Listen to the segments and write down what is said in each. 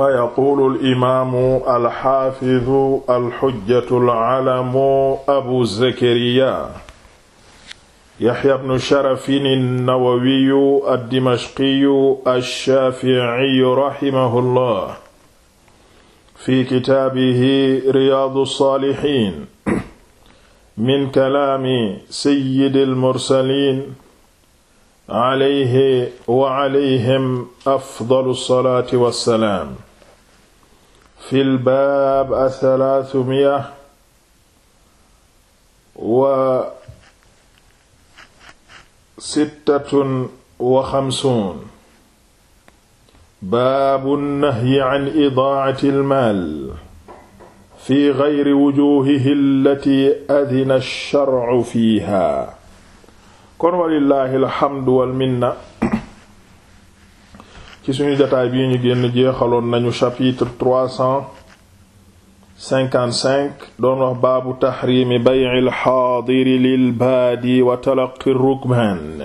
fa yaquulu alimaamu alxaafidu alxujjatu alalamu abu zakariya yaxya bnu sharafin alnawawiyu aldimashqiyu alshaaficiyu raximahu llah fi kitaabihi riyaadu alsaalixiin min kalaami sayyidi almursaliin alayhi wa alayhim afdalu alsalaati wassalaam fil baab athalaathumiya wa sittatun wa xamsuun baabu nahyi an idaa'ati almaal fi gayri wujuuhihi allati adina alsharcu fiiha kon walillaahi alhamdu walminna ci suñu jataay bii ñu génn jeexaloon nañu chapitre 355 doon wax baabu taxrimi bay'il xaadiri lil baadi wa talaqi rukban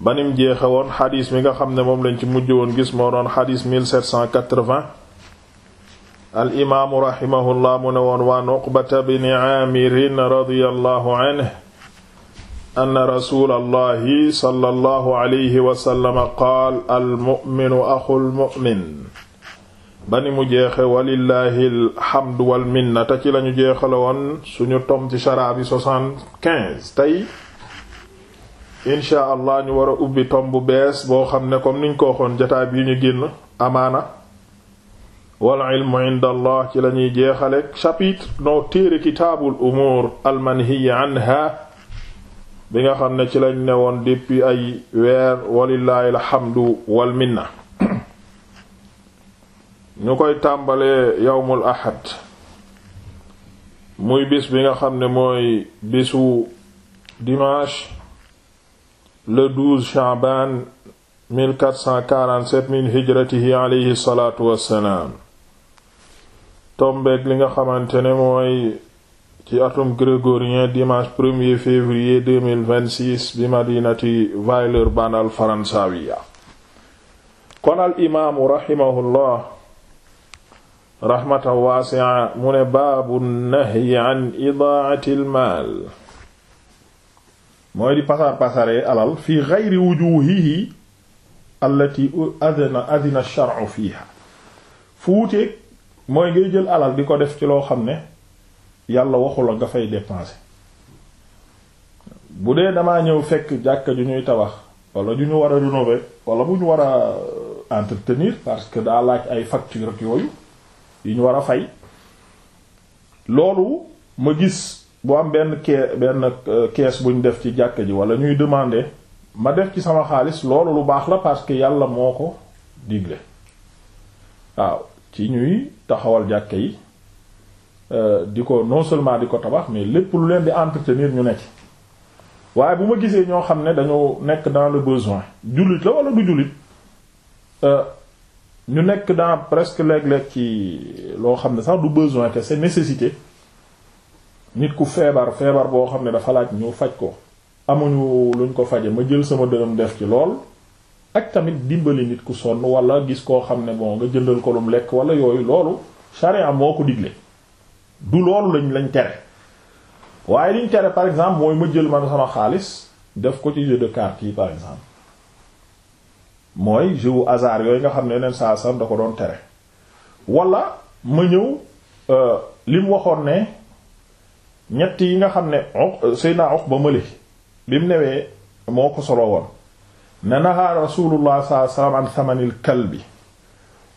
banim jeexe woon xadis mi nga xam ne moom lañ ci mujj woon gis moo doon xadis 1780 al imaamu raximahullah mu ne woon waan uqbata bni radiyallahu anhu anna rasuulallahi sallallahu alayhi wa qaal almu'minu axul mu'min ba mu jeexe walillahi alhamdu wal minna ci lañu jeexale woon suñu tom ci sharaabi soixante inshaa allah ñu war ubbi tom bu bees boo xam ne comme niñ ko waxoon bi ñu génn amaana wal ilmu inda allah ci lañuy jeexale chapitre noo téere kitaabul umuur almanhiya anha bi nga xam ne ci lañ ne woon depuis ay weer walillaahi alhamdu wal minna ñu koy tàmbalee yawmul ahad muy bis bi nga xam ne mooy bisu dimanche le 12 chaban 1447 min hijratihi aleyhi salaatu wassalaam tombeeg li nga xamante ne mooy ci atum grégorien dimanche 1er février 2026 bi al faransawiya kon al imaamu raximahullah raxmatan waasi'a mu ne baabu nahyi an idaa'ati al maal mooy di pasar pasaree alal fi geyri wujuhihi allati adina adina ash-shar'u jël alal di ko def ci loo xam ne yàlla waxu la nga fay dépenser bu dee damaa ñëw fekk jàkka ju ñuy tabax wala ju ñu war a rénover wala bu ñu war a euh, entretenir parce que daa laaj ay facture ak yooyu yu ñu war a fay loolu ma gis boo am benn kee benn euh, kees bu ñu def ci jàkka ji wala ñuy demandé ma def ci sama xaalis loolu lu baax la parce que yàlla moo ko digle waaw ci ñuy taxawal jàkka yi Euh, di ko non seulement di ko tabax mais lépp lu leen di entretenir ñu ne ci waaye bu ma gisee ñoo xam ne dañoo nekk dans le besoin jullit la wala du jullit euh, ñu nekk dans presque léeg-léeg ci loo xam ne sax du besoin que c'est nécessité nit ku feebar feebar boo xam ne dafa laaj ñu faj ko amuñu luñ ko faje ma jël sama dërëm def ci lool ak tamit dimbali nit ku sonn wala gis koo xam ne bon nga jëndal ko lu mu lekk wala yooyu loolu charia moo ko digle du loolu lañ lañ tere waaye liñ tere par exemple mooy ma jël man sama xaalis def ko ci jeu de cartes yi par exemple mooy jeu au yooyu nga xam ne yeneen saa san da ko doon tere wala ma ñëw euh, li mu waxoon ne ñett yi nga xam ne sëy naa oq ba mali bi mu newee moo ko solo woon ne nahaa rasulullah sallallahu alayhi kalbi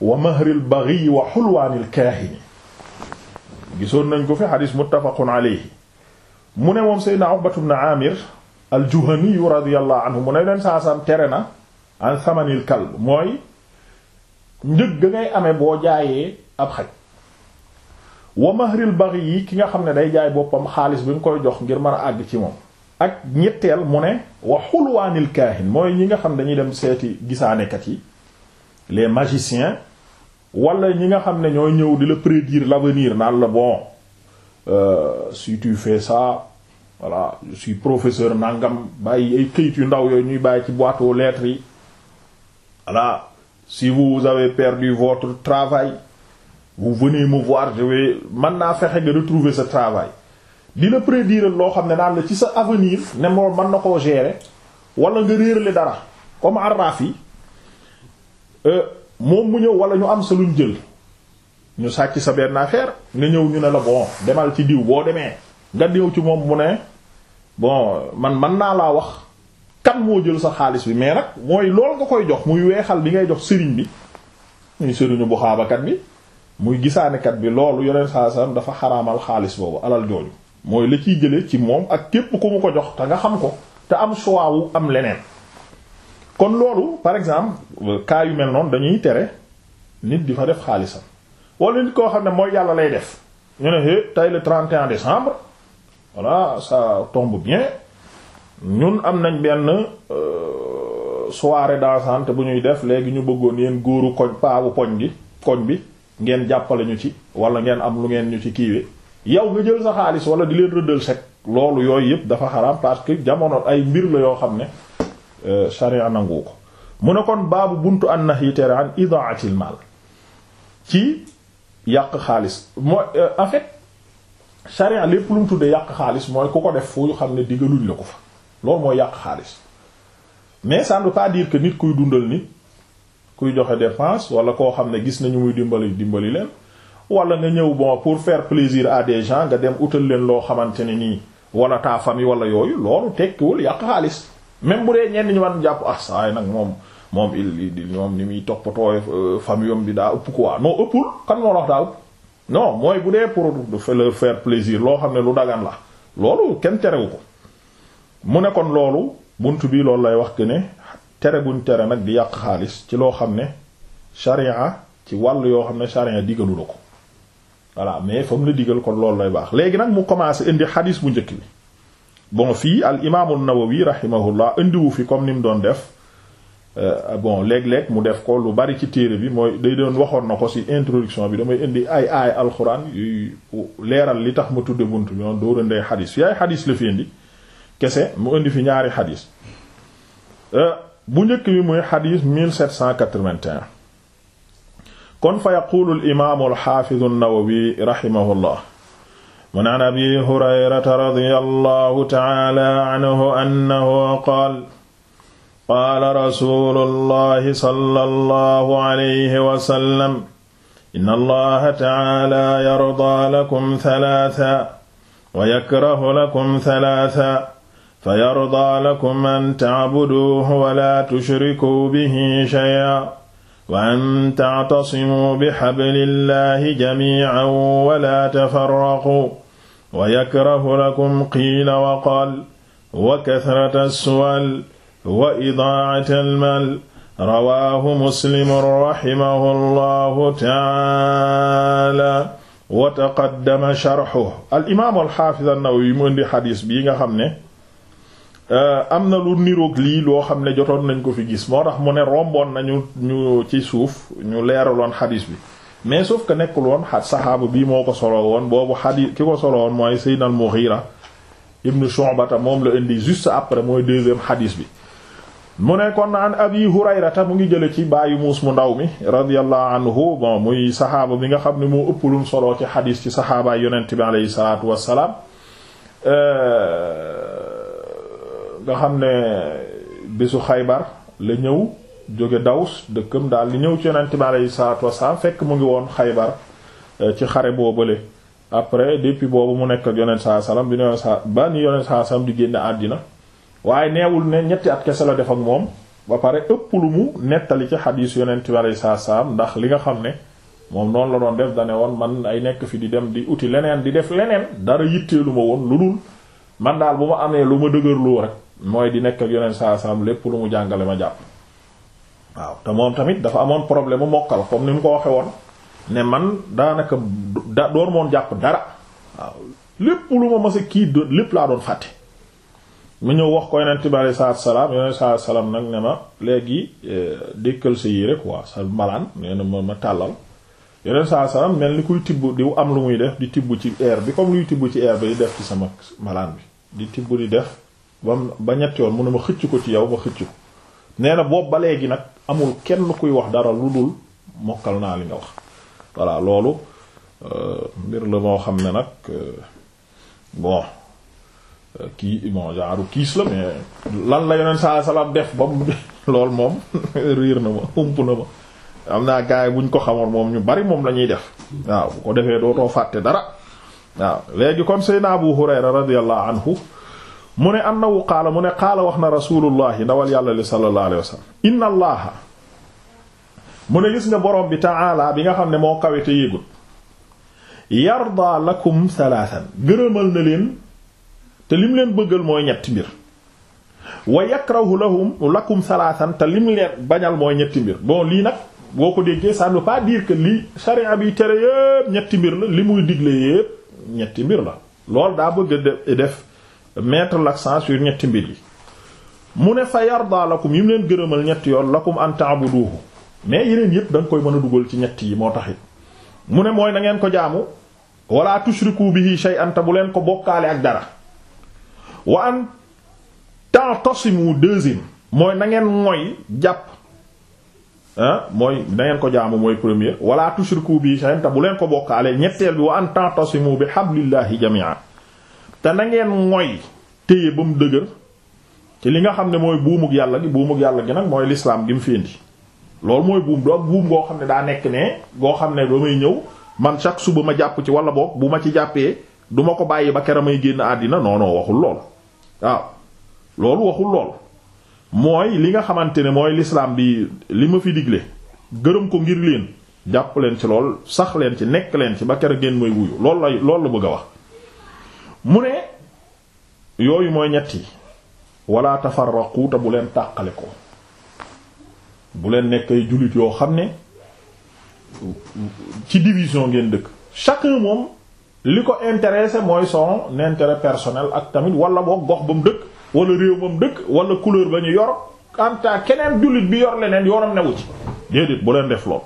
wa mahril baghi wa hulwaanil kaahini gisoon nañ ko fi xadis muttafaqun alayhi mu ne moom seydna Uqbatu ibn Amir al-Juhani radiyallahu anhu mu ne leen saasam tere na an samanil kalb mooy njëg ga ngay amee boo jaayee ab xaj wa mahril bari yi ki nga xam ne day jaay boppam xaalis bi nga koy jox ngir mën a àgg ci moom ak ñetteel mu ne wa xulwaanil kaahin mooy ñi nga xam dañuy dem seeti gisaanekat yi les magiciens wala ñi nga xam ne ñoo ñëw di la prédire l'avenir naan la bon euh, si tu fais ça voilà je suis professeur nangam bàyyi ay këyit yu ndaw yooyu ñuy bàyyi ci boîte aux yi voilà si vous avez perdu votre travail vous venez me voir mën naa fexe nga retrouver ce travail di la prédire loo xam ne naan la ci sa avenir ne moom mën na koo gérer wala nga réerale dara comme arraf yi euh, moom mu ñëw wala ñu am sa luñ jël ñu sàcc sa benn affaire nga ñëw ñu ne la bon demal ci diw boo demee nga diw ci moom mu ne bon man man naa laa wax kan moo jël sa xaalis bi mais nag mooy lool nga koy jox muy weexal bi ngay jox sëriñ bi muy sëriñu bu xaabakat bi muy gisaanekat bi loolu yeneen saa sallam dafa xaraamal xaalis boobu alal jooju mooy la ciy jëlee ci moom ak képp ku mu ko jox te nga xam ko te am choix wu am leneen kon loolu par exemple cas yu mel noonu dañuy tere nit di fa def xaalisam wala nit koo xam ne mooy yàlla lay def ñu ne hé eh, tey le 31 décembre voilà ça tombe bien ñun am nañ benn euh, soirée dansante bu ñuy def léegi ñu bëggoon yeen góoru koñ paabu poñ gi koñ bi ngeen jàppale ñu ci wala ngeen am lu ngeen ñu ci kiiwe yow nga jël sa xaalis wala di leen rëddal sec loolu yooyu yëpp dafa xaraam parce que jamono ay mbir la yoo xam ne Euh, sharia nangu ko mu ne kon baabu buntu an na yi tere an idaatil mal ci yàq xaalis mooy euh, en fait sharia lépp lu mu yàq xaalis mooy ku ko def fu xam ne diggaluñ la ko fa loolu mooy yàq xaalis mais ça ne veut pas dire que nit kuy dundal nit kuy joxe dépense wala koo xam ne gis nañu muy dimbali dimbali leen wala nga ñëw bon pour faire plaisir à des gens nga dem utal leen loo xamante ne nii wala taa famille wala yooyu loolu tekkiwul yàq xaalis même bu dee ñenn ñu man jàpp ah saay nag moom moom il il moom ni muy toppatoo euh, famiyom bi daa ëpp quoi non ëppul kan moo wax daa ëpp non mooy bu dee pour leur faire plaisir loo xam ne lu dagan la loolu kenn terewu ko mu ne kon loolu bunt bii loolu lay wax que ne tere buñ tere nag di yàq xaalis ci loo xam ne sharia ci wàll yoo xam ne sharia digalu la ko voilà mais fa mu la digal kon loolu lay baax léegi nag mu commencé indi xadiis bu njëkk bi bon fii al imaamu nawawi rahimahullah indiwu fi comme ni mu doon def euh, bon léeg mu def ko lu bari ci téere bi mooy day doon waxoon na ko si introduction bi damay indi ay aay alxuraan yuy leeral li tax mu tudde bunt bi noonu dóora ndey xadis fi ay xadis la fi indi kese mu indi fi ñaari xadis euh, bu njëkk bi muy xadis 1781 kon fa yaquulu al imaamu al xaafizu an-nawawi rahimahullah mu naan abi hurayrata radiyallahu ta'ala anhu annahu qaal qaala rasuulullahi sallallahu alayhi wa sallam inna allaha ta'ala yardaa lakum thalatha wa yakrahu lakum thalatha fa yardaa lakum an ta'buduuhu wa laa tushrikuu bihi shay'an wa an ta'tasimuu bihablillahi jamii'an wa laa tafarraquu wa yakrahu lakum qiila wa qaal wa kasrata suwal wa idaa'ata almal rawaahu muslimun rahimahu llahu taala wa taqaddama sharxuhu alimaamu alxaafiz an-Nawawi mu indi xadis bii nga xam ne uh, am na lu niroog lii loo xam ne jotoon nañ ko fi gis moo tax mu ne romboon nañu ñu ci suuf ñu leeraloon xadis bi mais sauf que nekkul woon a saxaaba bii moo ko solo woon boobu xadis ki ko solo woon mooy Seydina al-Mughira ibn Shu'bata moom la indi juste après mooy deuxième xadis bi mu ne kon an abi hurayrata mu ngi jële ci bàyyi muus mu ndaw mi radiyallahu anhu bon muy saxaaba bi nga xam ne moo ëpp lum solo ci xadis ci saxaabaay yonent bi aleyhi salaatu wassalaam euh, nga xam ne bisu xaybar la ñëw jóge Daws dëkkam daal di ñëw ci yonent bi aleyhi salaatu fekk mu ngi woon Xaybar eh, ci xare boobale après depuis boobu mu nekk ak yonent saa salaam saa ba ni yonent saa salaam di génne àddina waaye neewul ne ñetti at kese la def ak moom ba pare ëpp lu mu nettali ci xadiis yonent bi aleyhi salaatu wasalaam ndax li nga xam ne moom noonu la doon def dane woon man ay nekk fi di dem di uti leneen di def leneen dara yitteelu ma woon lu dul man daal bu ma amee lu ma dëgërloo rek mooy di nekk ak yonent saa salaam lépp lu mu jàngale ma jàpp. waaw te moom tamit dafa amoon problème mu mokkal comme ni mu ko waxe woon ne man daanaka da doon moon jàpp dara waaw lépp lu ma masa kii lépp laa doon fàtte mu ñëw wax ko yonent bi alei salaatu salaam yonent salaatu salaam nag ne ma léegi eh, dékkal sa yére waa sa malaan nee na ma ma tàllal yonent salaatu salaam mel ni kuy tibb di am lu muy def di tibb ci air bi comme luy tibb ci air bi di def ci sama malaan bi di tibb di def ba ba ñett yoon mu ne ma xëcc ko ci yow ma xëcc ko nee na boobu ba léegi nag amul kenn kuy wax dara lu dul mokkal naa li nga wax voilà loolu euh, mbir la moo xam ne nag euh, bon euh, kii bon genre kiis la mais lan la yoneen saa salaam def ba mu loolu moom riir na ma ump na ma am naa gars yi buñ ko xamoon moom ñu bari moom lañuy def waaw bu ko defee dootoo fàtte dara waaw léegi kon Seydina Abu Hurayra radiyallahu anhu mu ne annahu qaala mu ne xaala wax na rasulullahi ndawal yàlla li sallallahu alayhi wa sallam inna allaha mu ne gis nga borom bi ta'ala bi nga xam ne moo kawe te yéegul lakum salaatan gërëmal na leen te lim leen bëggal mooy ñetti mbir wa yakrahu lahum lakum salaatan te lim leen bañal mooy ñetti mbir bon lii nag boo ko déggee ça ne veut pas dire que lii bi tere yépp ñetti mbir la li muy digle yépp ñetti mbir la loolu daa bëgg def mettre l'accent sur ñetti mbir yi mu ne fa yarda lakum yi mu leen gërëmal ñetti yoon lakum an ta'buduhu mais yeneen yëpp da koy mën a dugal ci ñetti yi moo taxit mu ne mooy na ngeen ko jaamu wala tushriku bi shay'an ta bu leen ko bokkaale ak dara wa an ta'tasimu deuxième mooy na ngeen mooy jàpp ah mooy na ngeen ko jaamu mooy premier wala tushriku bihi bu leen ko bokkaale ñetteel bi wa an ta'tasimu bi hablillahi jami'an te na ngeen mooy téye ba mu dëgër ci li nga xam ne mooy buumug yàlla gi buumug yàlla gi nag mooy lislaam gi mu fi indi loolu mooy buum doo ak buum goo xam ne daa nekk ne goo xam ne ba may ñëw man chaque suba ma jàpp ci wala boog bu ma ci jàppee du ma ko bàyyi ba kera may génn àddina non waxul lool waaw loolu waxul lool mooy li nga xamante ne mooy lislaam bi li ma fi digle gërëm ko ngir leen jàpp leen ci lool sax leen ci nekk leen ci ba kere génn may wuyu loolu la loolu la bëgg a wax mu ne yooyu mooy ñetti wala tafarraqu te bu leen tàqale ko bu leen nekk ay jullit yoo xam ne ci division ngeen dëkk chacun moom li ko intéressé mooy son intérêt personnel ak tamit wala boog gox ba mu dëkk wala réew ba mu dëkk wala couleur ba ñu yor en keneen jullit bi yor leneen yoram newu ci déedéet bu leen def lool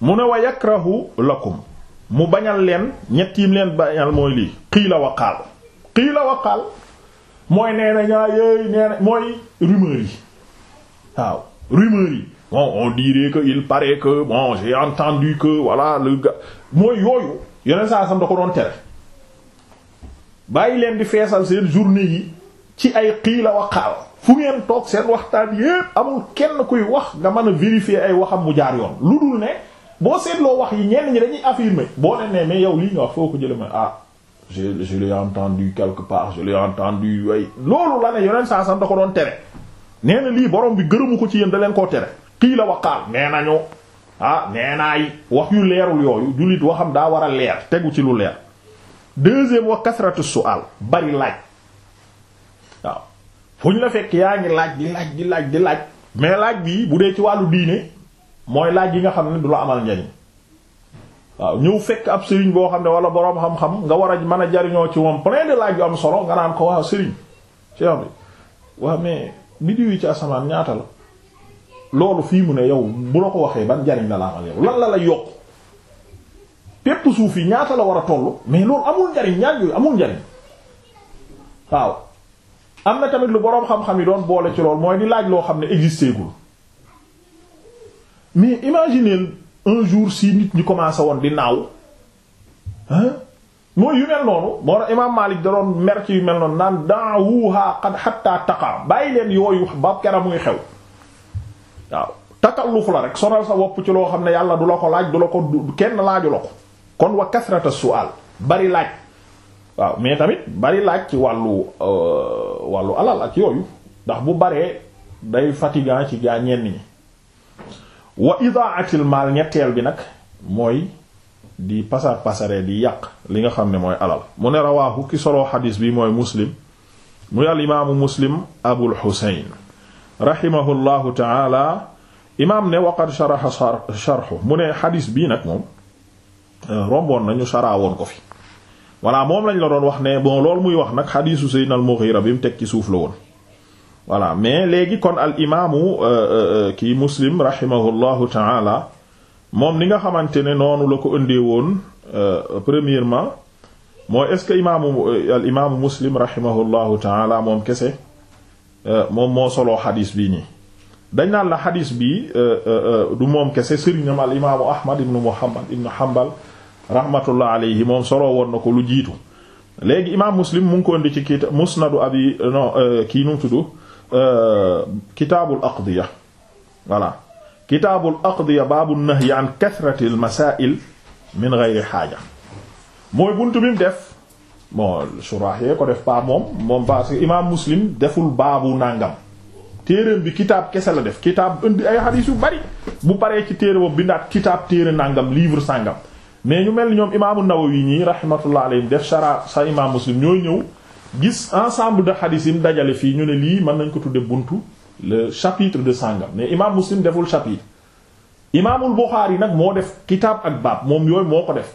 mu ne wa yakrahu lakum mu bañal leen ñett yim leen bañal mooy lii qiila wa qaal qiila wa qaal mooy nee na ñaa yéey mooy rumeur yi waaw rumeur yi on dirait que il paraît que bon j'ai entendu que voilà le gars mooy yooyu yeneen saa sam da ko doon tere bàyyi leen di feesal seen journée yi ci ay qiila la qaal fu ngeen toog seen waxtaan yépp amul kenn kuy wax nga mën a vérifier ay waxam mu jaar yoon lu dul ne boo seetloo wax yi ñenn ñi dañuy affirmer boo leen nee mais yow lii nga wax foo ko jëlee ma ah je je l'ai entendu quelque part je l'ai entendu way loolu la ne yoneen saa sam da ko doon tere nee na lii borom bi gërëmu ko ci yéen da leen koo tere kii la waqaal nee nañu ah nee naa yi wax yu leerul yooyu jullit waxam daa war a leer tegu ci lu leer deuxième wa kasratu su'al bari laaj waaw fu ñu la fekk yaa ngi laaj di laaj di laaj laaj mais laaj bi bu dee ci wàllu diine mooy laaj yi nga xam ne du la amal njariñ waaw ñëw fekk ab sëriñ boo xam ne wala boroom xam-xam nga war a mën a jariñoo ci moom plein de laaj yu am solo nga naan ko waaw sëriñ cheikh bi waaw mais biddiw yi ci asamaan ñaata la loolu fii mu ne yow bu la ko waxee ban jariñ la laa amal yow lan la la yokk pépp suuf yi ñaata la war a toll mais loolu amul njariñ ñaar yooyu amul njariñ waaw am na tamit lu boroom xam-xam yi doon boole ci loolu mooy di laaj loo xam ne existé mais imaginez un jour si nit ñi commencé woon di naaw ah mooy yu mel noonu moo tax imaam Maalik da doon mer yu mel noonu naan da'uha qad hatta taqa bàyyi leen yooyu ba kera muy xew waaw takalluf la rek sonal sa wopp ci loo xam ne yàlla du la ko laaj du la ko kenn laaju la ko kon wa kasrata su'al bari laaj waaw mais tamit bari laaj ci wàllu euh, wàllu alal ak yooyu ndax bu baree day fatigant ci gaa ñenn ñi wa idaatil maal ñetteel bi nag mooy di pasar pasaree di yàq li nga xam ne mooy alal mu ne rawaahu ki solo xadiis bi mooy muslim muy al imaamu muslim abul xuseyn raximahu llahu taala imaam ne waqad sharaxa sharxu mu ne xadiis bii nag moom euh, romboon nañu woon ko fi voilà moom lañ la doon wax ne bon lool muy wax nag xadiisu seydina al mughira bi mu teg ci suuf la woon voilà mais léegi kon al imaamu euh, euh, euh, kii muslim rahimahullahu taala moom ni nga xamante ne noonu la ko ëndee woon premièrement mooy est-ce que imaamu al imaamu muslim rahimahullahu taala moom kese moom moo solo xadis bi ni dañ naan la xadis bi du moom kese sëriñam al imaamu ahmad ibnu hambal rahmatullah alayhi moom solo woon na ko lu jiitu léegi imaam muslim mu ngi ko ëndi ci kiita musnadu abi non kii nu mu tudd Euh, kitaabul aqdiya voilà kitaabul aqdiya baabu nahyi an kasratil masaa'il min ghayri haaja mooy buntu bi mu def bon surah yee ko def paa moom moom parce que imaam muslim deful baabu nangam téereem bi kitaab kese la def kitaab indi ay xadiis bari bu paree ci téere bi bindaat kitaab téere nangam livre sàngam mais ñu mel ni ñoom imaamu nawawi ñii rahmatullah alayhi def sa imaam muslim ñooy ñëw gis ensemble de hadith yi mu fii ñu ne lii mën nañ ko tudde buntu le chapitre de sangam mais imaam muslim deful chapitre imaamul Buxaari nag moo def kitaab ak baab moom yooyu moo ko def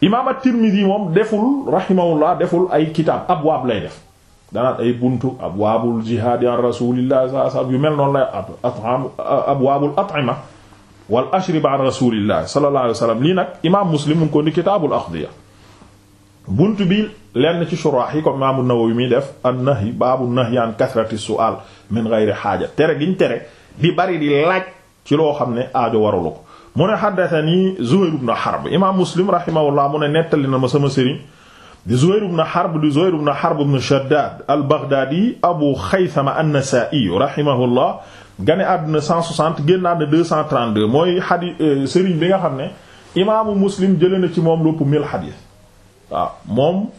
imaam at-Tirmidhi moom deful rahimahullah deful ay kitaab abwaab lay def danaan ay buntu abwaabul jihaad an rasulillah sallallahu alayhi wasallam yu mel noonu lay atam abwaabul at'ima wal ashriba an rasulillah sallallahu alayhi wasallam lii nag imaam muslim mu ngi ko ni kitaabul axdiya buntu bi lenn ci shuraax yi comme imaamu Nawawi muy def an nahy baabu nahy an kasrati su'al min ghayri haaja tere giñ tere di bari di laaj ci loo xam ne aajo waralu ko mu ne haddathani Zuhayr ibn Harb imaam Muslim rahimahullah mu ne nettali na ma sama sëriñ di Zuhayr ibn Harb di Zuhayr ibn Harb ibn Shaddad al-Baghdadi Abu Khaythama an-Nasa'i rahimahullah gane àdduna 160 génn àdduna 232 mooy xadi euh, sëriñ bi nga xam ne imaamu Muslim jëlee na ci moom lépp mil xadiis waaw moom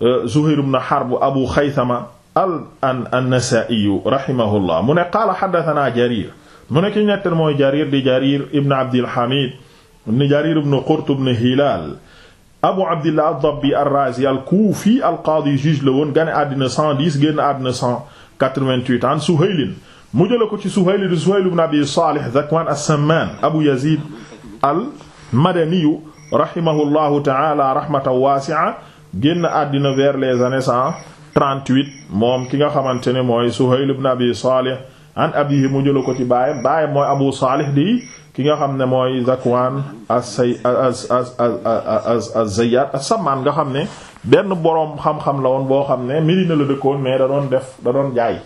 Zuhayr ibn Harb Abu Khaythama al an an-Nasaa'i rahimahullah mu ne qaala haddathanaa Jarir mu ne ki ñetteel mooy Jarir di Jarir ibn Abdil Hamid ibn Jarir ibn Qurt ibn Hilal Abu Abdillah ad-Dabbi ar-Raazi al-Kuufi al-qaadi juge la woon gane àddina 110 génn àddina 188 an Suhayl mu jëla ko ci Suhayl di Suhayl ibn Abi Saalih Zakwaan as-Sammaan Abu Yaziid al-Madaniyu rahimahullahu ta'aala rahmatan waasi'a génn àddina vers les années cent trente-huit moom ki nga xamante ne mooy Suhayl ibn Abi Salih an abihi mu jëla ko ci baayam baayam mooy Abu Salih di ki nga xam ne mooy Zakwan asay az-Zayyat as-Samman nga xam ne benn boroom xam-xam la woon boo xam ne Medina la dëkkoon mais da doon def da doon jaay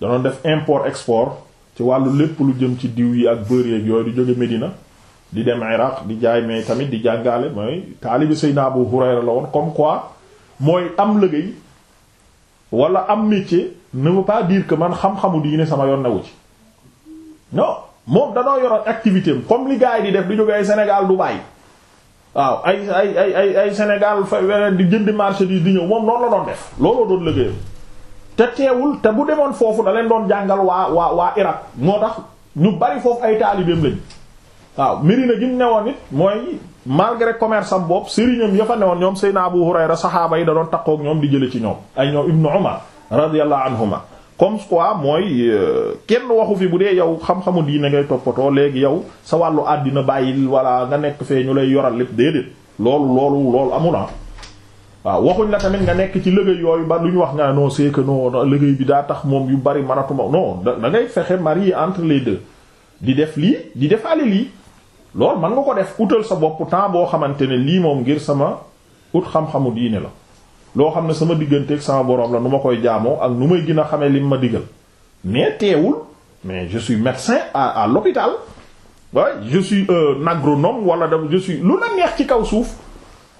da doon def import export ci wàllu lépp lu jëm ci diw yi ak beurre yeeg yooyu du jóge Medina di dem Iraq di jaay mais tamit di jàngale mooy taalibi naa Abu Hurayra la woon comme quoi mooy am liggéey walla am métier ne veut pas dire que man xam-xamu diine sama yoon newu ci non moom danoo yoroon activité am comme li gars di def di jóge ay Sénégal Dubaï waaw ay ay ay ay ay Sénégal fa weneen di jëndi marchandise di ñëw moom noonu la doon def looloo doon liggéeyam te teewul te bu demoon foofu da leen doon jàngal waa waa waa Irak moo tax ñu bari foofu ay taalibeem waaw Medina gi mu newoon it mooy malgré commerce am bopp sëriñam ya fa newoon ñoom Seydina Abu Hurayra saxaaba yi da doon takkoo ak ñoom di jële ci ñoom ay ñoom Ibnu Umar radiyallahu anhuma comme quoi mooy euh, kenn waxu fi bu dee yow xam-xamu diine ngay toppatoo léegi yow sa wàllu àddina bàyyil wala nga nekk fee ñu lay yoral lépp déedéet loolu loolu loolu amul ah. waaw waxuñ la tamit nga nekk ci liggéey yooyu ba lu ñu wax nga non c'est que non liggéey bi daa tax moom yu bari manatuma non da ngay fexe marier entre les deux di def lii di defaale lii loolu man nga ko def utal sa bopp temps boo xamante ne lii moom ngir sama ut xam-xamu diine la loo xam ne sama digganteeg sama borom la nu ma koy jaamoo ak nu may gën a xamee lim ma digal mais teewul mais je suis médecin à à l'hôpital waaye je suis un agronome wala da je suis lu la neex ci kaw suuf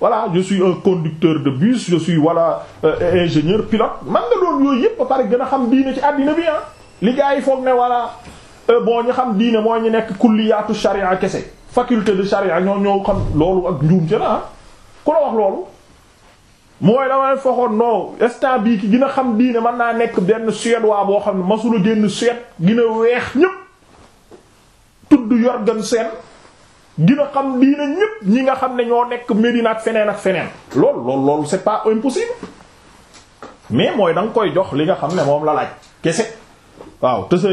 voilà je suis un conducteur de bus je suis wala euh, ingénieur pilote man nga doon yooyu yëpp ba pare gën a xam diine ci àddina bi ah li gars foog ne wala euh, bon ñu xam diine moo ñu nekk kulliyaatu sharia kese. faculté de charia ñoo ñoo xam loolu ak njuum ci la ah ku la wax loolu mooy damay foxoon non instant bii ki gën xam diine mën naa nekk benn waa boo xam ne masula génn Suède gën a weex ñépp tudd Jorgen Sen gën a xam diine ñépp ñi nga xam ne ñoo nekk Médine ak feneen ak feneen loolu loolu loolu c'est pas impossible mais mooy da koy jox li nga xam ne moom la laaj kese waaw te sa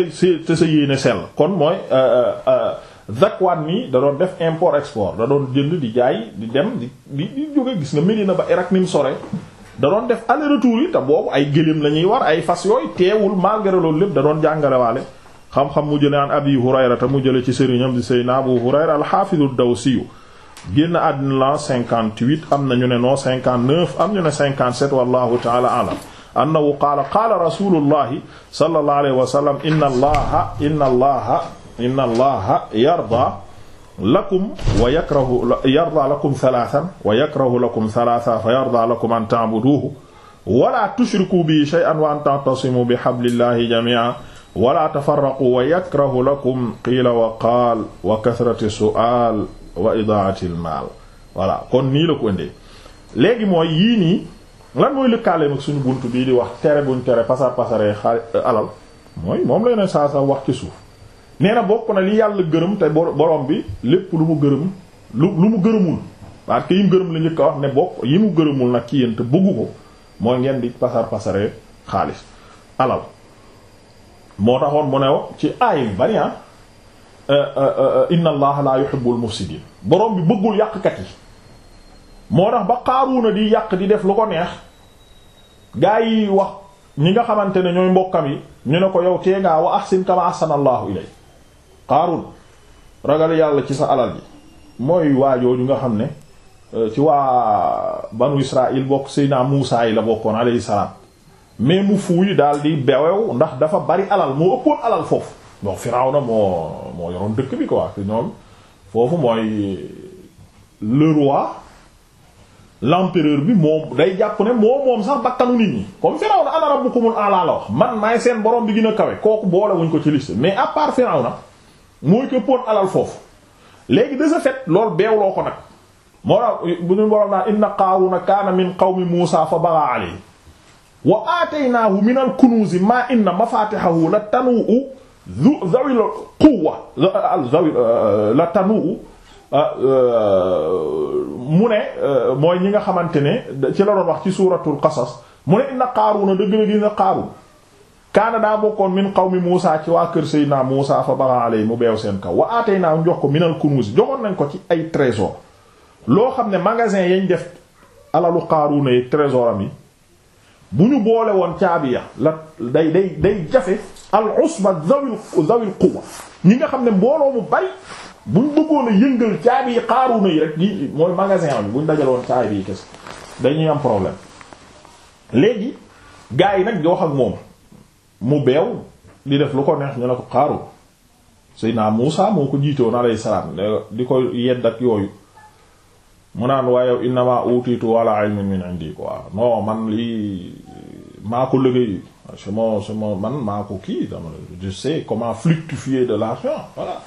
te sa yéene sell kon mooy euh, euh, euh, Zakwaan nii da doon def import export da doon jënd di jaay di dem di di jóge gis nga Medina ba Irak ni mu sore da doon def aller retour te boobu ay gëléem la ñuy war ay fas yooyu teewul malgré loolu lépp da doon jàngalewaale xam-xam mu jële an Abi Hurayra mu jële ci sëriñam di Seydina Abu Hurayra al-Hafiz ad-Dawsi génn àddina la 58 am na ñu ne non 59 am ñu ne 57 wallahu ta'ala a'lam annahu qaala qaala rasulullahi sallallahu alayhi wa sallam inna allaha inna allaha inna allaha yarda lakum wa yakrahu yarda lakum thalathan wa yakrahu lakum thalatha fa yarda lakum an ta'buduhu wala tushriku bi shay'an wa an ta'tasimu bi hablillahi jami'an wala tafarraqu wa yakrahu lakum qiila wa qaal wa kathrati su'al wa idaa'ati al-maal voilà kon nii la ko indee léegi mooy yii nii lan mooy lëkkaaleem ak suñu bunt bii di wax tere buñ tere pasar pasaree xaalis alal mooy moom lay ne saa saa wax ci suuf nee na bokk na li yàlla gërëm te borom bi lépp lu mu gërëm lu mu gërëmul parce que gërëm la njëkk a wax ne bokk yi mu gërëmul nag ci yéen te bëggu ko mooy ngeen di pasar pasaree xaalis alal moo taxoon mu ne ci aay bi bari ah, euh, euh, euh, inna allaha la yuhibbul mufsidin borom bi bëggul yàqkat yi moo tax ba xaaruuna di yàq di def lu ko neex gaa yi wax ñi nga xamante ne ñooy mbokkam yi ñu ne ko yow tee ngaa wa ahsin kama ahsanallahu ilay xaarun ragal yàlla ci sa alal ji mooy waajooju nga xam ne euh, ci waa banu Israël bokk Seydina Muusaa yi la bokkoon alayhi salaam mais mu fuuy daal di bewew ndax dafa bari alal moo ëppoon alal foofu donc Firawna moo moo yoroon foofu mooy bi moom day jàpp ne moom sax bakkanu nit ñi comme Firawna ana rabbukumul a'la la wax man maay seen borom bi gën a kawe kooku boole wuñ ko ci liste mais à part Firawna mooy këppoon alal foofu léegi de ce fait loolu beewloo ko nag moo tax bu ñu boroom naa inna qaaruna kaana min qawmi muusa fa bagha alayhi wa aataynaahu min al kunuuzi maa inna mafaatihahu la tanu'u dhawi al quwwa euh, la tanu'u euh, mu ne euh, mooy ñi nga xamante ne ci la doon wax ci suuratul qasas mu ne inna qaaruna dëgg la dina qaarun kaana daa bokkoon min qawmi Muusa ci waa kër Seydina Muusa fa baxa alay mu beew seen kaw wa atay naa jox ko minal kunuus joxoon nañ ko ci ay trésor loo xam ne magasin yañ def alalu Qaaruuna yi trésor am yi bu ñu boole woon caabi ya la day day day jafe al usba zawil zawil quwwa ñi nga xam ne mbooloo mu bari buñ bëggoon a yëngal caabi yi Qaaruuna yi rek i mooy magasin am buñ dajaloon caabi yi kese dañuy am problème léegi gaa yi nag di moom mu beew li def lu ko neex ñu ne ko xaaru naa Muusa moo ko jiitoon alayhi salaam di ko yedd ak yooyu mu naan waaye innama utitu wala ilmin min indi quoi non man lii maa ko liggéey sama man maa ko kii dama je sais comment fructifier de l'argent voilà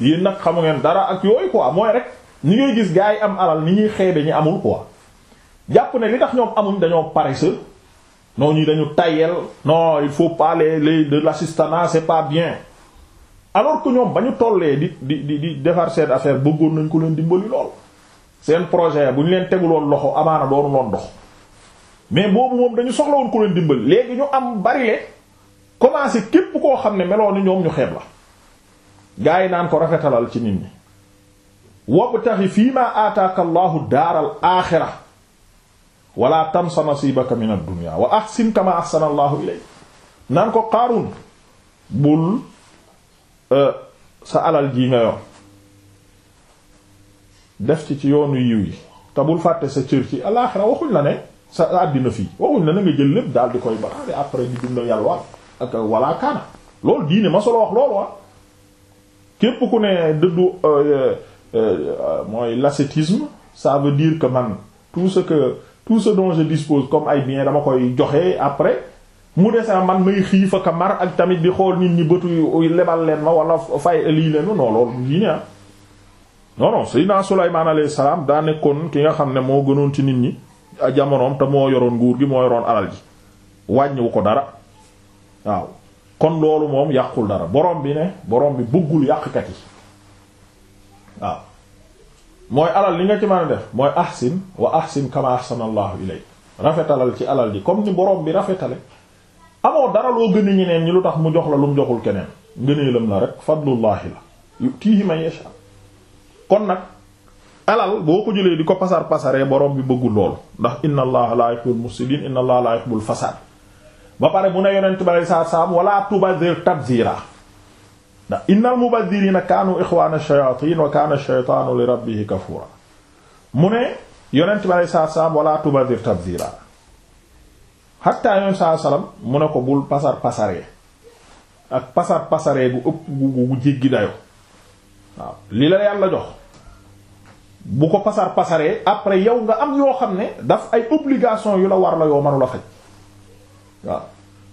yéen nag xamu ngeen dara ak yooyu quoi mooy rek ñu ngay gis gars yi am alal ni ñuy xeebe ñi amul quoi jàpp ne li tax ñoom amuñ dañoo paresseux non ñi dañu tayel non il faut pas les les de l'assistanat c'est pas bien alors que ñoom ba ñu tollee di di di defar seen affaire bëggoon nañ ko leen dimbali lool seen projet bu ñu leen teguloon loxo amaana doonu loon dox mais boobu moom dañu soxla woon ko leen dimbali léegi ñu am bari le commencé képp koo xam ne meloo ni ñoom ñu xeeb la gaa yi naan ko rafetalal ci nit ñi wabtaxi fii ma aataaka allahu daaral aaxira wala tam nasibaka min ad-dunya wa ahsin kama ahsana Allahu naan ko Qaaruun bul euh, sa alal ji nga yor def ci ci yoonu yiw yi te bul fàtte sa cër ci alaaxira waxuñ la ne sa àddina fii waxuñ la ne nga jël lépp daal di koy baraade après di dund yàlla ak wala kaana loolu diine ma solo wax loolu wa ah. képp ku ne dëddu euh, euh, mooy l'ascétisme ça veut que man tout ce que tout ce dont je dispose comme ay bien dama koy joxe après mu dese man may xiif ak mar ak tamit bi xool nit ñi bëtu lebal leen ma wala fay lii leen ma non loolu diine ah non non Seydina Sulaymaan alayhi salaam daa nekkoon ki nga xam ne moo gënoon ci nit ñi a jamonoom te moo yoroon nguur gi moo yoroon alal ji wàññiwu ko dara waaw kon loolu moom yàqul dara borom bi ne borom bi bëggul yàqkat yi waaw mooy alal li nga ci man a def mooy ahsin wa ahsin kama ahsanallahu ilayk rafetalal ci alal ji comme ni borom bi rafetale amoo dara loo gën a ñeneen ñi lu tax mu jox la lu mu joxul keneen ngëneelam la rek fadlullahi la yutihi man yasha kon nag alal boo ko jëlee di ko pasar pasaree borom bi bëggul loolu ndax inna allaha la yuhibbul mufsidin inna allaha la yuhibbul fasad ba pare mu ne yonent bi sallallahu alayhi wasallam wala tubazir ndax innal mubadirina kaanu ixwaana shayatin wa kaana shaytaanu li rabbihi kafura mu ne yonent bi alei saatu salaam wala tubadir tabdira xatta yonent saatu salaam mu ne ko bul pasar pasaree ak pasar pasaree gu ëpp gu gu jéggi dayo waaw li la yàlla jox bu ko pasar pasaree après yow nga am yoo xam ne daf ay obligation yu la war la yoo mënula faj waaw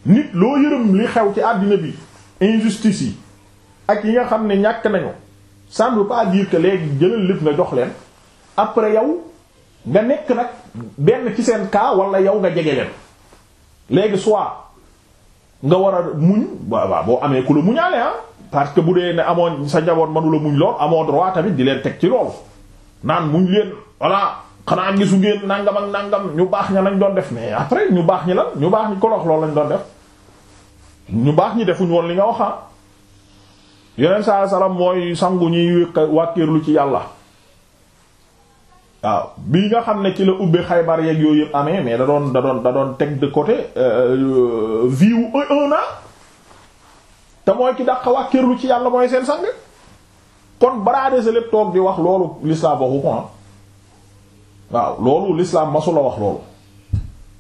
nit loo yërëm li xew ci àddina bi injustice yi ak yi nga xam ne ñàkk nañu ça ne veut pas dire léegi jëlal lépp nga jox leen après yow nga nekk nag benn ci seen kaa wala yow nga jege leen léegi soit nga war a muñ waaw boo amee ku la muñaale ah parce que bu dee ne amoon sa njaboot mënula muñ lool amoo droit tamit di leen teg ci loolu naan muñ leen voilà xanaa gisu ngeen nangam ak nangam ñu baax ña lañ doon def mais après ñu baax ñi lan ñu baax ñi kolox loolu lañ doon def ñu baax ñi defuñ li nga wax ah. yeneen saa salaam mooy sangu ñuy wàkkiirlu ci yàlla waaw bii nga xam ne ci la ubbe xaybar yeeg yooyu yëpp amee mais da doon da doon teg de côté euh, euh, vie wu un an te mooy ki dàq wàkkiirlu ci yàlla mooy seen sang kon baradese lépp toog di wax loolu l'islam waxu ko ah. waaw loolu l'islam masula wax loolu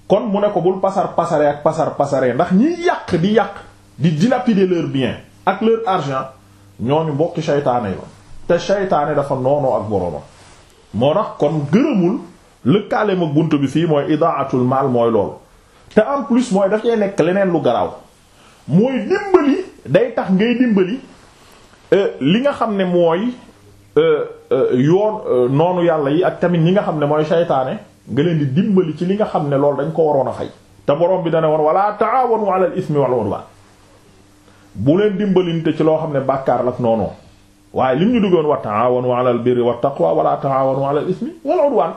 kon mu ne ko bul pasar pasare ak pasar pasare ndax ñiy yàq di yàq di dilapider leur bien ak leur argent ñooñu mbokki seytaane la te seytaane dafa noonoo ak boroomam moo tax kon gërëmul lëkkaale ma bunt bi fii mooy idaatul mal mooy loolu te en plus mooy dafay nekk leneen lu garaaw mooy dimbali day tax ngay dimbali euh, li nga xam ne mooy euh, euh, yoon noonu yàlla yi ak tamit ñi nga xam ne mooy seytaane nga leen di dimbali ci li nga xam ne loolu dañ ko waroon a fay te borom bi dana woon wala taawanu ala al ismi wal udwan bu leen dimbalinte ci loo xam ne bàkkaar lak noonu waaye lim ñu duggoon wa taawanu alal birri wat taqwa wala taawanu alal ismi wal waa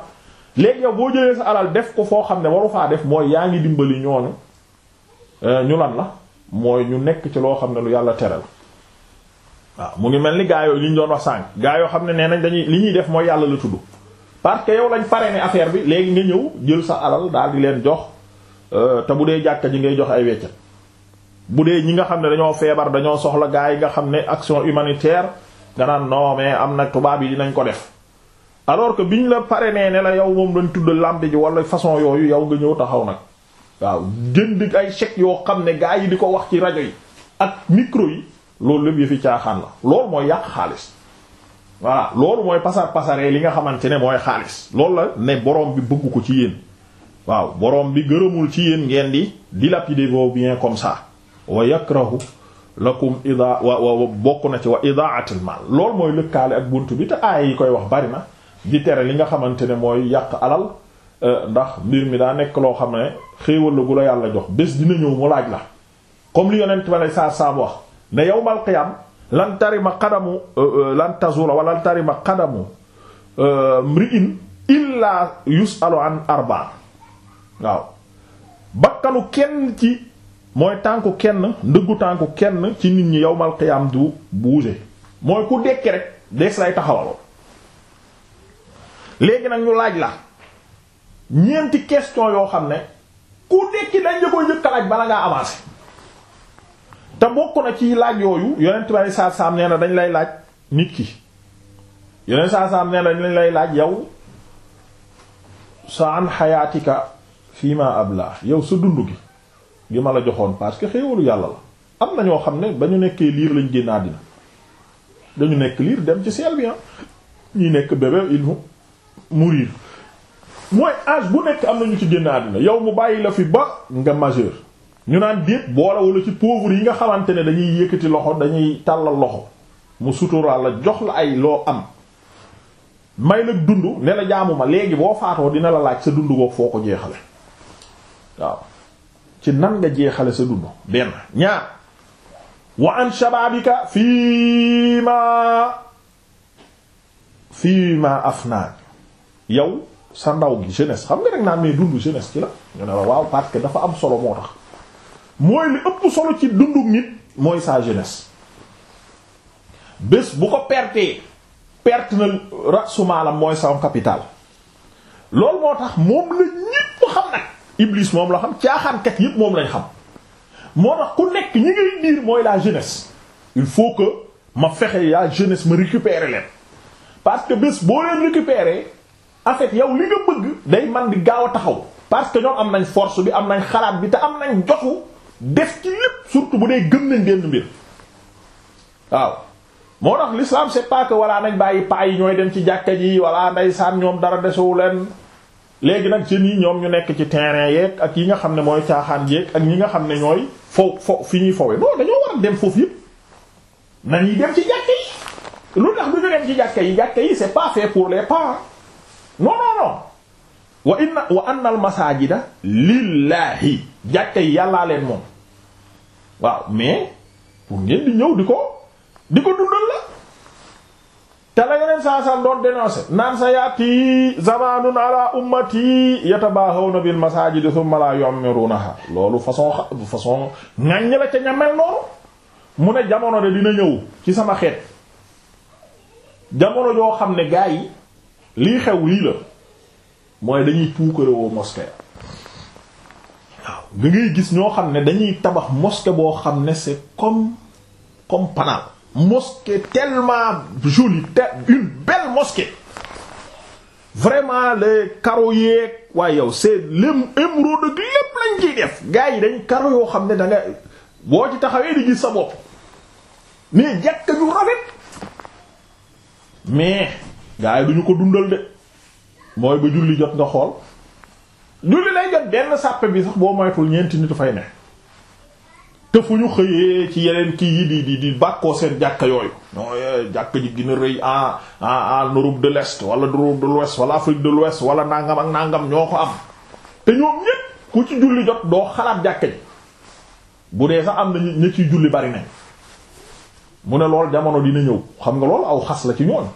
léegi yow boo jëlee sa alal def ko foo xam ne waru faa def mooy yaa ngi dimbali ñooñu eh, ñu lan la mooy ñu nekk ci loo xam ne lu yàlla tere la waaw mu ngi mel ni gaa yooyu li ñu doon wax sànq gaa yoo xam ne nee nañ dañuy li ñuy def mooy yàlla la tudd parce que yow lañ pare ne affaire bi léegi nga ñëw jël sa alal daal di leen jox eh, te bu dee jàkka ji ngay jox ay weccat bu dee ñi nga xam ne dañoo feebar dañoo soxla gaa yi nga xam ne action humanitaire nga naan non mais am na tubaab yi dinañ ko def alors que biñ la nee ne la yow moom lañ tudd lamb ji wala façon yooyu yow nga ñëw taxaw nag waaw jënd ay chèques yoo xam ne gaa yi di ko wax ci rajo yi ak micro yi loolu lépp yëfi caaxaan la loolu mooy yàq xaalis voilà loolu mooy pasar pasaree li nga xamante ne mooy xaalis loolu la ne borom bi bëgg ko ci yéen waaw borom bi gërëmul ci yéen ngeen di dilapider vos biens comme ça. wa yakrahu lakum ida wa bokk na ci wa idaatil mal loolu mooy lëkkaale ak bunt bi te aaya yi koy wax bari na di tere li nga xamante ne mooy yàq alal euh, ndax mbir mi daa nekk loo xam ne xéewal la gu la yàlla jox bés dina ñëw mu laaj la comme li yonent ba lay saa saam wax ne yawmal qiyaam lan tarima qadamu euh, euh, lan tazula wala lan tarima qadamu mri'in illa yus'alu an arba waaw bakkanu kenn ci mooy tànku kenn ndëggu tànku kenn ci nit ñi yowmal qiyaam du bouger mooy ku dekki rek dees lay taxawaloo léegi nag ñu laaj la ñeenti question yoo xam ne ku dekki dañ la koy njëkka laaj bala ngaa avancer te bokk na ci laaj yooyu yonent bari saa saam nee na dañ lay laaj nit ki yonent saa saam nee na dañ lay laaj yow sa an xayaatika fii ma abla yow sa dund gi li ma la joxoon parce que xéewalu yàlla la am na ñoo xam ne ba ñu nekkee liir lañ génn àddina dañu nekk liir dem ci seel bi ah ñuy nekk bébé il mu mourir mooy âge bu nekk am nañu ñu ci génn àddina yow mu bàyyi la fi ba nga majeur ñu naan déet boole wala ci pauvre yi nga xamante ne dañuy yëkkati loxo dañuy tàllal loxo mu suturaal la jox la ay loo am may la dund ne la jaamu ma léegi boo faatoo dina la laaj sa dund boobu foo ko jeexale waaw ci nan nga jeexale sa dund benn ñaar wa an shababika fii ma fii ma afna yow sa ndaw gi jeunesse xam nga rek naan mais dund jeunesse ci la ñu ne la waaw parce que dafa am solo moo tax mooy li ëpp solo ci dundu nit mooy sa jeunesse bés bu ko pertee perte na rasumaalam mooy sa capital loolu moo tax moom la ñépp xam nag Iblis moom la xam caaxaankat yëpp moom lañ xam moo tax ku nekk ñi ngay diir mooy la jeunesse il faut que ma fexe yaa jeunesse ma récupérer leen parce que bés boo leen récupérer en fait yow li nga bëgg day man di gaaw a taxaw parce que ñoom am nañ force bi am nañ xalaat bi te am nañ jotu def ci lépp surtout bu dee gëm nañ benn mbir waaw moo tax l'islam c'est que walla nañ bàyyi paa yi ñooy dem ci jàkka ji walla ndeysaan ñoom dara desewu leen léegi nag jeunes yi ñoom ñu nekk ci terrain yeeg ak yi nga xam ne mooy caaxaan yeeg ak ñi nga xam ne ñooy fo fo fi ñuy fowe non dañoo war a dem foofu yëpp nañuy dem ci jàkka yi lu tax du ñu dem ci jàkka yi jàkka yi c'est pas fait pour les parents non wa inna wa anna al masajida lillahi jàkka yi yàllaa leen moom waaw mais pour ngeen di ñëw di ko di ko dundal la te la yeneen saa sam doon dénoncé naan sa yaati zamanun ala ummati yatabahawna bil masajid thumma la yu'mirunaha loolu façon façon ŋàññ la ca ñamel noonu mu ne jamono de dina ñëw ci sama xeet jamono joo xam ne gaa yi lii xew lii la mooy dañuy puukare woo mosquée waaw da ngay gis ñoo xam ne dañuy tabax mosquée boo xam ne c'est comme comme panal moske mosquée tellement te une belle moske vraiment la carreaux yeeg waaye yow c'est lem émeraude lépp lañ ciy def gars yi dañ carreaux yoo xam ne da nga boo ci taxawee di gis sa bopp mais jàkka ju rafet mais gars yi duñu ko dundal de mooy ba julli jot nga xool julli lay jot benn sàppe bi sax boo moytul ñeenti nit fay ne te fu ñu xëyee ci yeneen kii yi di di di bàkkoo seen jàkka yooyu ñoo eh, jàkka ji gën a rëy en en en Europe de l'Est wala Europe de l'Ouest wala Afrique de l'Ouest wala nangam ak nangam ñoo ko am te ñoom ñépp ku ci julli jot doo xalaat jàkka ji bu dee sax am na ñi ciy julli bari nañ mu ne lool jamono dina ñëw xam nga lool aw xas la ci ñoon